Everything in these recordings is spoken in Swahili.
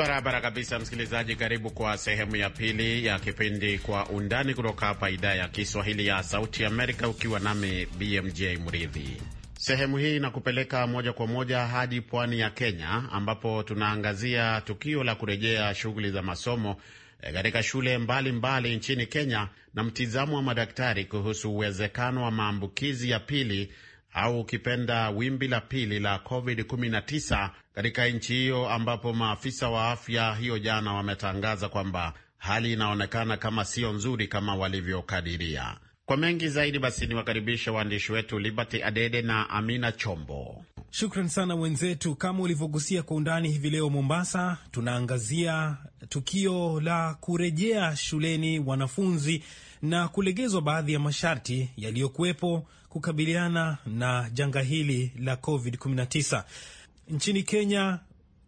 Barabara kabisa, msikilizaji. Karibu kwa sehemu ya pili ya kipindi Kwa Undani kutoka hapa idhaa ya Kiswahili ya Sauti Amerika, ukiwa nami BMJ Mridhi. Sehemu hii inakupeleka moja kwa moja hadi pwani ya Kenya, ambapo tunaangazia tukio la kurejea shughuli za masomo eh, katika shule mbalimbali mbali nchini Kenya na mtizamo wa madaktari kuhusu uwezekano wa maambukizi ya pili au ukipenda wimbi la pili la COVID-19 katika nchi hiyo, ambapo maafisa wa afya hiyo jana wametangaza kwamba hali inaonekana kama siyo nzuri kama walivyokadiria. Kwa mengi zaidi, basi niwakaribishe waandishi wetu Liberty Adede na Amina Chombo. Shukran sana wenzetu. Kama ulivyogusia kwa undani hivi leo Mombasa, tunaangazia tukio la kurejea shuleni wanafunzi na kulegezwa baadhi ya masharti yaliyokuwepo kukabiliana na janga hili la COVID-19 nchini Kenya.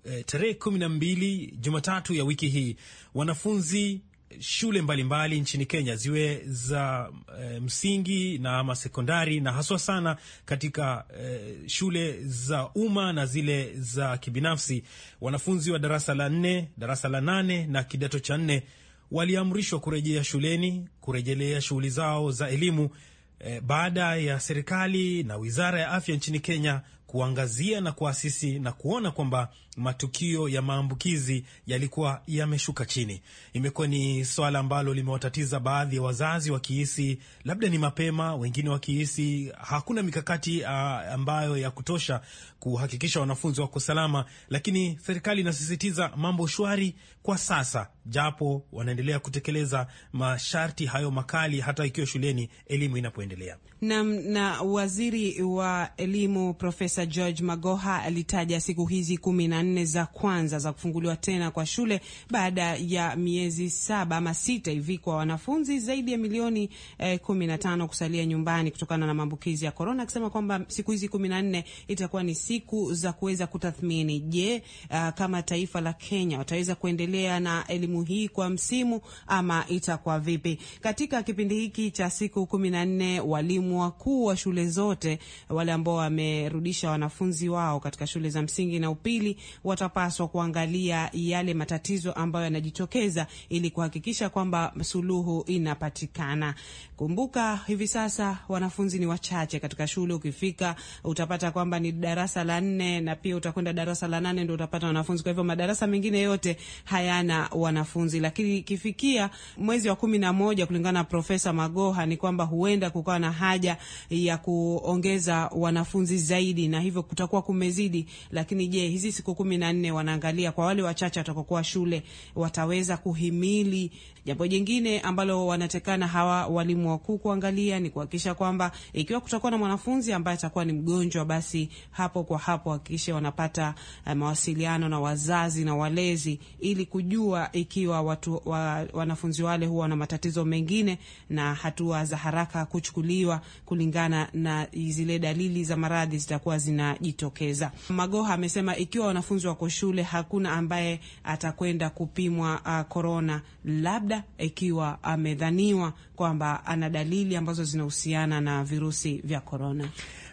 Eh, tarehe 12 Jumatatu ya wiki hii wanafunzi shule mbalimbali mbali nchini Kenya ziwe za e, msingi na ama sekondari na haswa sana katika e, shule za umma na zile za kibinafsi, wanafunzi wa darasa la nne, darasa la nane na kidato cha nne waliamrishwa kurejea shuleni, kurejelea shughuli zao za elimu e, baada ya serikali na wizara ya afya nchini Kenya kuangazia na kuasisi na kuona kwamba matukio ya maambukizi yalikuwa yameshuka chini. Imekuwa ni swala ambalo limewatatiza baadhi ya wazazi, wakihisi labda ni mapema, wengine wakihisi hakuna mikakati ah, ambayo ya kutosha kuhakikisha wanafunzi wako salama, lakini serikali inasisitiza mambo shwari kwa sasa, japo wanaendelea kutekeleza masharti hayo makali, hata ikiwa shuleni elimu inapoendelea. Na, na waziri wa elimu Profesa George Magoha alitaja siku hizi kumi na nne za kwanza za kufunguliwa tena kwa shule baada ya miezi saba ama sita hivi kwa wanafunzi zaidi ya milioni eh, kumi na tano kusalia nyumbani kutokana na maambukizi ya korona, akisema kwamba siku hizi kumi na nne itakuwa ni siku za kuweza kutathmini, je, uh, kama taifa la Kenya wataweza kuendelea na elimu hii kwa msimu ama itakuwa vipi? Katika kipindi hiki cha siku kumi na nne walimu wakuu wa shule zote wale ambao wamerudisha wanafunzi wao katika shule za msingi na upili watapaswa kuangalia yale matatizo ambayo yanajitokeza ili kuhakikisha kwamba suluhu inapatikana. Kumbuka hivi sasa wanafunzi ni wachache katika shule. Ukifika utapata kwamba ni darasa la nne na pia utakwenda darasa la nane ndio utapata wanafunzi. Kwa hivyo madarasa mengine yote hayana wanafunzi, lakini ikifikia mwezi wa kumi na moja kulingana na Profesa Magoha ni kwamba huenda kukawa na haja ya kuongeza wanafunzi zaidi, na hivyo kutakuwa kumezidi. Lakini je, hizi siku kumi na nne wanaangalia kwa wale wachache watakokuwa shule wataweza kuhimili Jambo jingine ambalo wanatekana hawa walimu wakuu kuangalia ni kuhakikisha kwamba ikiwa kutakuwa na mwanafunzi ambaye atakuwa ni mgonjwa, basi hapo kwa hapo hakikisha wanapata eh, mawasiliano na wazazi na walezi ili kujua ikiwa watu, wa, wanafunzi wale huwa na matatizo mengine na hatua za haraka kuchukuliwa kulingana na zile dalili za maradhi zitakuwa zinajitokeza. Magoha amesema ikiwa wanafunzi wako shule hakuna ambaye atakwenda kupimwa korona ah, uh, labda labda ikiwa amedhaniwa kwamba ana dalili ambazo zinahusiana na virusi vya korona.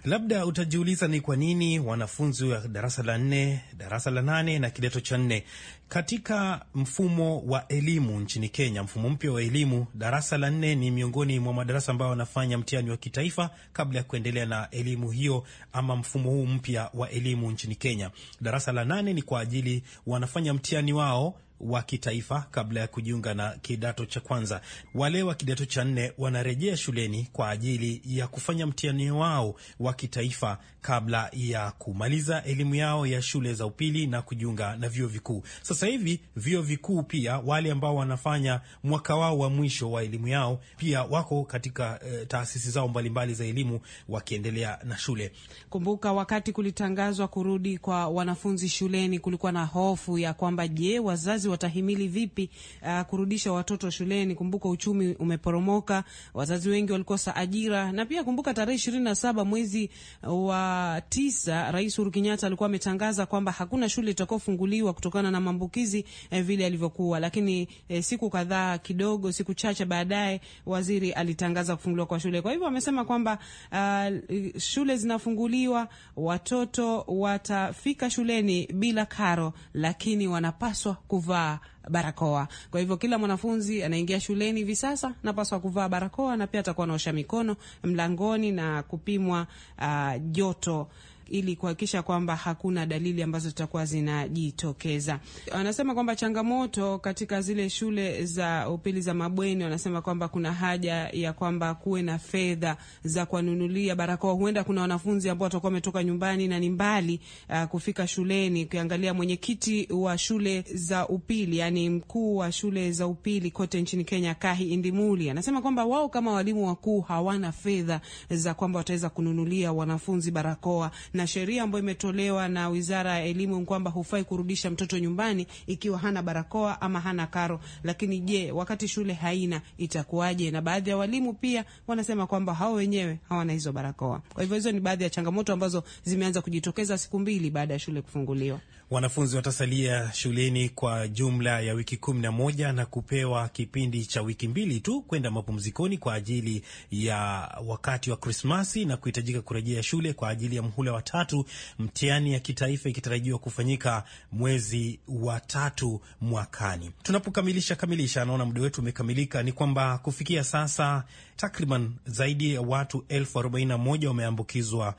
Labda utajiuliza ni kwa nini wanafunzi wa darasa la nne, darasa la nane na kidato cha nne katika mfumo wa elimu nchini Kenya, mfumo mpya wa elimu, darasa la nne ni miongoni mwa madarasa ambayo wanafanya mtihani wa kitaifa kabla ya kuendelea na elimu hiyo ama mfumo huu mpya wa elimu nchini Kenya. Darasa la nane ni kwa ajili wanafanya mtihani wao wa kitaifa kabla ya kujiunga na kidato cha kwanza. Wale wa kidato cha nne wanarejea shuleni kwa ajili ya kufanya mtihani wao wa kitaifa kabla ya kumaliza elimu yao ya shule za upili na kujiunga na vyuo vikuu. Sasa hivi vyuo vikuu pia wale ambao wanafanya mwaka wao wa mwisho wa elimu yao pia wako katika eh, taasisi zao mbalimbali za elimu wakiendelea na shule. Kumbuka wakati kulitangazwa kurudi kwa wanafunzi shuleni, kulikuwa na hofu ya kwamba je, wazazi wazazi watahimili vipi uh, kurudisha watoto shuleni. Kumbuka uchumi umeporomoka, wazazi wengi walikosa ajira, na pia kumbuka tarehe ishirini na saba mwezi uh, wa tisa Rais Uhuru Kenyatta alikuwa ametangaza kwamba hakuna shule itakayofunguliwa kutokana na maambukizi eh, vile alivyokuwa, lakini eh, siku kadhaa kidogo, siku chache baadaye, waziri alitangaza kufunguliwa kwa shule. Kwa hivyo amesema kwamba uh, shule zinafunguliwa, watoto watafika shuleni bila karo, lakini wanapaswa kuvaa kuvaa barakoa. Kwa hivyo kila mwanafunzi anaingia shuleni hivi sasa napaswa kuvaa barakoa na pia atakuwa naosha mikono mlangoni na kupimwa uh, joto ili kuhakikisha kwamba hakuna dalili ambazo zitakuwa zinajitokeza. Wanasema kwamba changamoto katika zile shule za upili za mabweni, wanasema kwamba kuna haja ya kwamba kuwe na fedha za kuwanunulia barakoa. Huenda kuna wanafunzi ambao watakuwa wametoka nyumbani na ni mbali uh, kufika shuleni. Ukiangalia mwenyekiti wa shule za upili, yani mkuu wa shule za upili kote nchini Kenya, Kahi Indimuli, anasema kwamba wao kama walimu wakuu hawana fedha za kwamba wataweza kununulia wanafunzi barakoa na sheria ambayo imetolewa na Wizara ya Elimu kwamba hufai kurudisha mtoto nyumbani ikiwa hana barakoa ama hana karo. Lakini je, wakati shule haina itakuwaje? Na baadhi ya walimu pia wanasema kwamba hao wenyewe hawana hizo barakoa. Kwa hivyo hizo ni baadhi ya changamoto ambazo zimeanza kujitokeza siku mbili baada ya shule kufunguliwa. Wanafunzi watasalia shuleni kwa jumla ya wiki kumi na moja na kupewa kipindi cha wiki mbili tu kwenda mapumzikoni kwa ajili ya wakati wa Krismasi na kuhitajika kurejea shule kwa ajili ya mhula wa tatu, mtihani ya kitaifa ikitarajiwa kufanyika mwezi wa tatu mwakani. Tunapokamilisha kamilisha, naona muda wetu umekamilika, ni kwamba kufikia sasa takriban zaidi ya watu elfu arobaini na moja wameambukizwa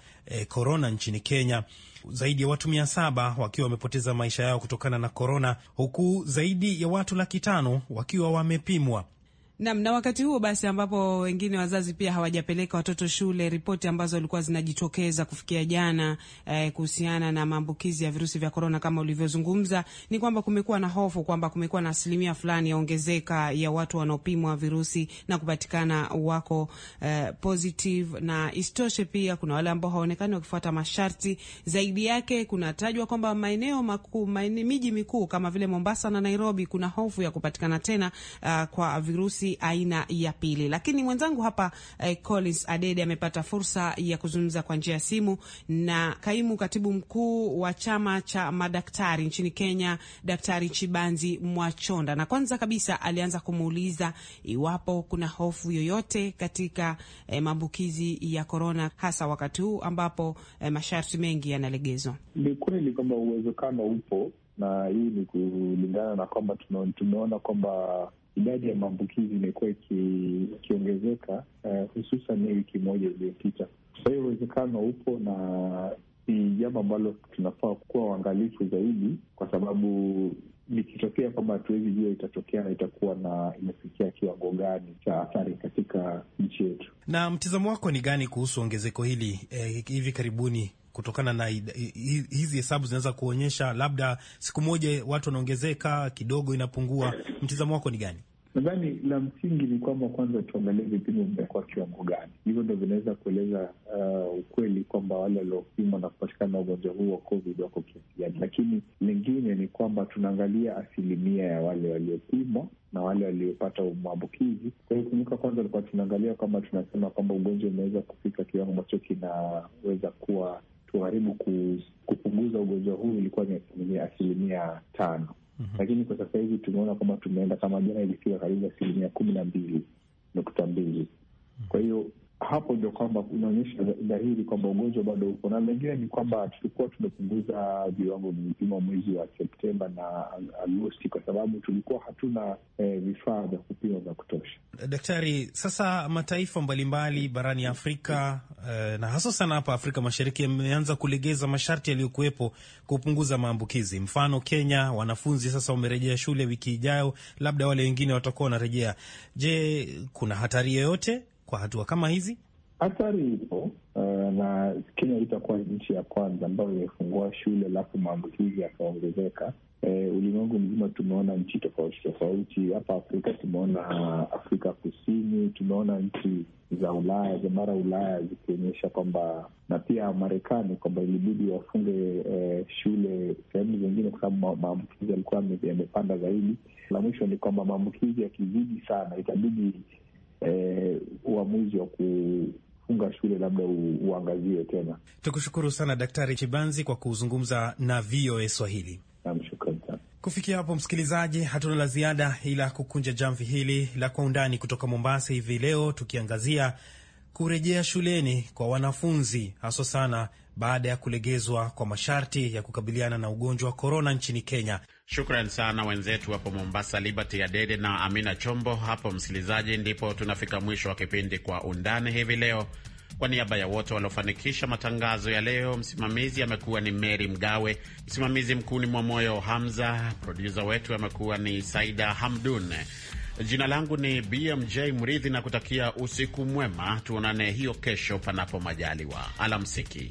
korona eh, nchini Kenya, zaidi ya watu mia saba wakiwa wamepoteza maisha yao kutokana na korona, huku zaidi ya watu laki tano wakiwa wamepimwa Nam, na wakati huo basi ambapo wengine wazazi pia hawajapeleka watoto shule, ripoti ambazo walikuwa zinajitokeza kufikia jana eh, kuhusiana na maambukizi ya virusi vya korona kama ulivyozungumza, ni kwamba kumekuwa na hofu kwamba kumekuwa na asilimia fulani ya ongezeka ya watu wanaopimwa virusi na kupatikana wako eh, positive, na isitoshe pia kuna wale ambao haonekani wakifuata masharti. Zaidi yake kunatajwa kwamba maeneo makuu, miji mikuu kama vile Mombasa na Nairobi, kuna hofu ya kupatikana tena uh, kwa virusi hili aina ya pili. Lakini mwenzangu hapa eh, Collins Adede amepata fursa ya kuzungumza kwa njia ya simu na kaimu katibu mkuu wa chama cha madaktari nchini Kenya, Daktari Chibanzi Mwachonda, na kwanza kabisa alianza kumuuliza iwapo kuna hofu yoyote katika eh, maambukizi ya korona, hasa wakati huu ambapo eh, masharti mengi yanalegezwa. Ni kweli kwamba uwezekano upo na hii ni kulingana na kwamba tumeona kwamba idadi ya maambukizi imekuwa ikiongezeka, uh, hususan hii wiki moja iliyopita. Kwa hiyo uwezekano upo na ni jambo ambalo tunafaa kuwa uangalifu zaidi, kwa sababu likitokea kwamba hatuwezi jua itatokea na itakuwa na imefikia kiwango gani cha athari katika nchi yetu. Na mtizamo wako ni gani kuhusu ongezeko hili eh, hivi karibuni kutokana na hizi hesabu zinaweza kuonyesha labda siku moja watu wanaongezeka kidogo, inapungua. Mtizamo wako ni gani? Nadhani la msingi ni kwamba kwanza tuangalie vipimo vimekuwa kiwango gani. Hivyo ndo vinaweza kueleza uh, ukweli kwamba wale waliopimwa na kupatikana na ugonjwa huu wa COVID wako kiasi gani, lakini lingine kwamba tunaangalia asilimia ya wale waliopimwa na wale waliopata maambukizi. Kwa hiyo kumbuka, kwanza ulikuwa tunaangalia kwamba tunasema kwamba ugonjwa umeweza kufika kiwango ambacho kinaweza kuwa tuharibu kupunguza ugonjwa huu, ilikuwa ni asilimia tano. Mm -hmm. Lakini kwa sasa hivi tumeona kwamba tumeenda kama jana ilifika karibu asilimia kumi na mbili nukta mbili. Mhm. Kwa hiyo hapo ndio kwamba unaonyesha dhahiri kwamba ugonjwa bado uko, na lengine ni kwamba tulikuwa tumepunguza viwango vya vipimo mwezi wa Septemba na Agosti kwa sababu tulikuwa hatuna eh, vifaa vya kupima vya kutosha. Daktari, sasa mataifa mbalimbali barani Afrika eh, na hasa sana hapa Afrika Mashariki yameanza kulegeza masharti yaliyokuwepo kupunguza maambukizi. Mfano Kenya, wanafunzi sasa wamerejea shule wiki ijayo, labda wale wengine watakuwa wanarejea. Je, kuna hatari yoyote kwa hatua kama hizi? Athari ipo uh, na Kenya itakuwa nchi ya kwanza ambayo imefungua shule alafu maambukizi yakaongezeka. E, ulimwengu mzima tumeona nchi tofauti tofauti. Hapa Afrika tumeona Afrika Kusini, tumeona nchi za Ulaya za bara Ulaya zikionyesha kwamba na pia Marekani kwamba ilibidi wafunge e, shule sehemu zingine kwa sababu maambukizi yalikuwa yamepanda zaidi. La mwisho ni kwamba maambukizi yakizidi sana itabidi eh, uamuzi wa kufunga shule labda uangaziwe tena. Tukushukuru sana Daktari Chibanzi kwa kuzungumza na VOA Swahili. Namshukuru sana. Kufikia hapo msikilizaji, hatuna la ziada ila kukunja jamvi hili la kwa undani kutoka Mombasa hivi leo, tukiangazia kurejea shuleni kwa wanafunzi haswa sana baada ya kulegezwa kwa masharti ya kukabiliana na ugonjwa wa korona nchini Kenya. Shukran sana wenzetu hapo Mombasa, Liberty Adede na Amina Chombo. Hapo msikilizaji, ndipo tunafika mwisho wa kipindi Kwa Undani hivi leo. Kwa niaba ya wote waliofanikisha matangazo ya leo, msimamizi amekuwa ni Mary Mgawe, msimamizi mkuu ni Mwamoyo Hamza, produsa wetu amekuwa ni Saida Hamdun. Jina langu ni BMJ Mridhi na kutakia usiku mwema, tuonane hiyo kesho, panapo majaliwa. Alamsiki.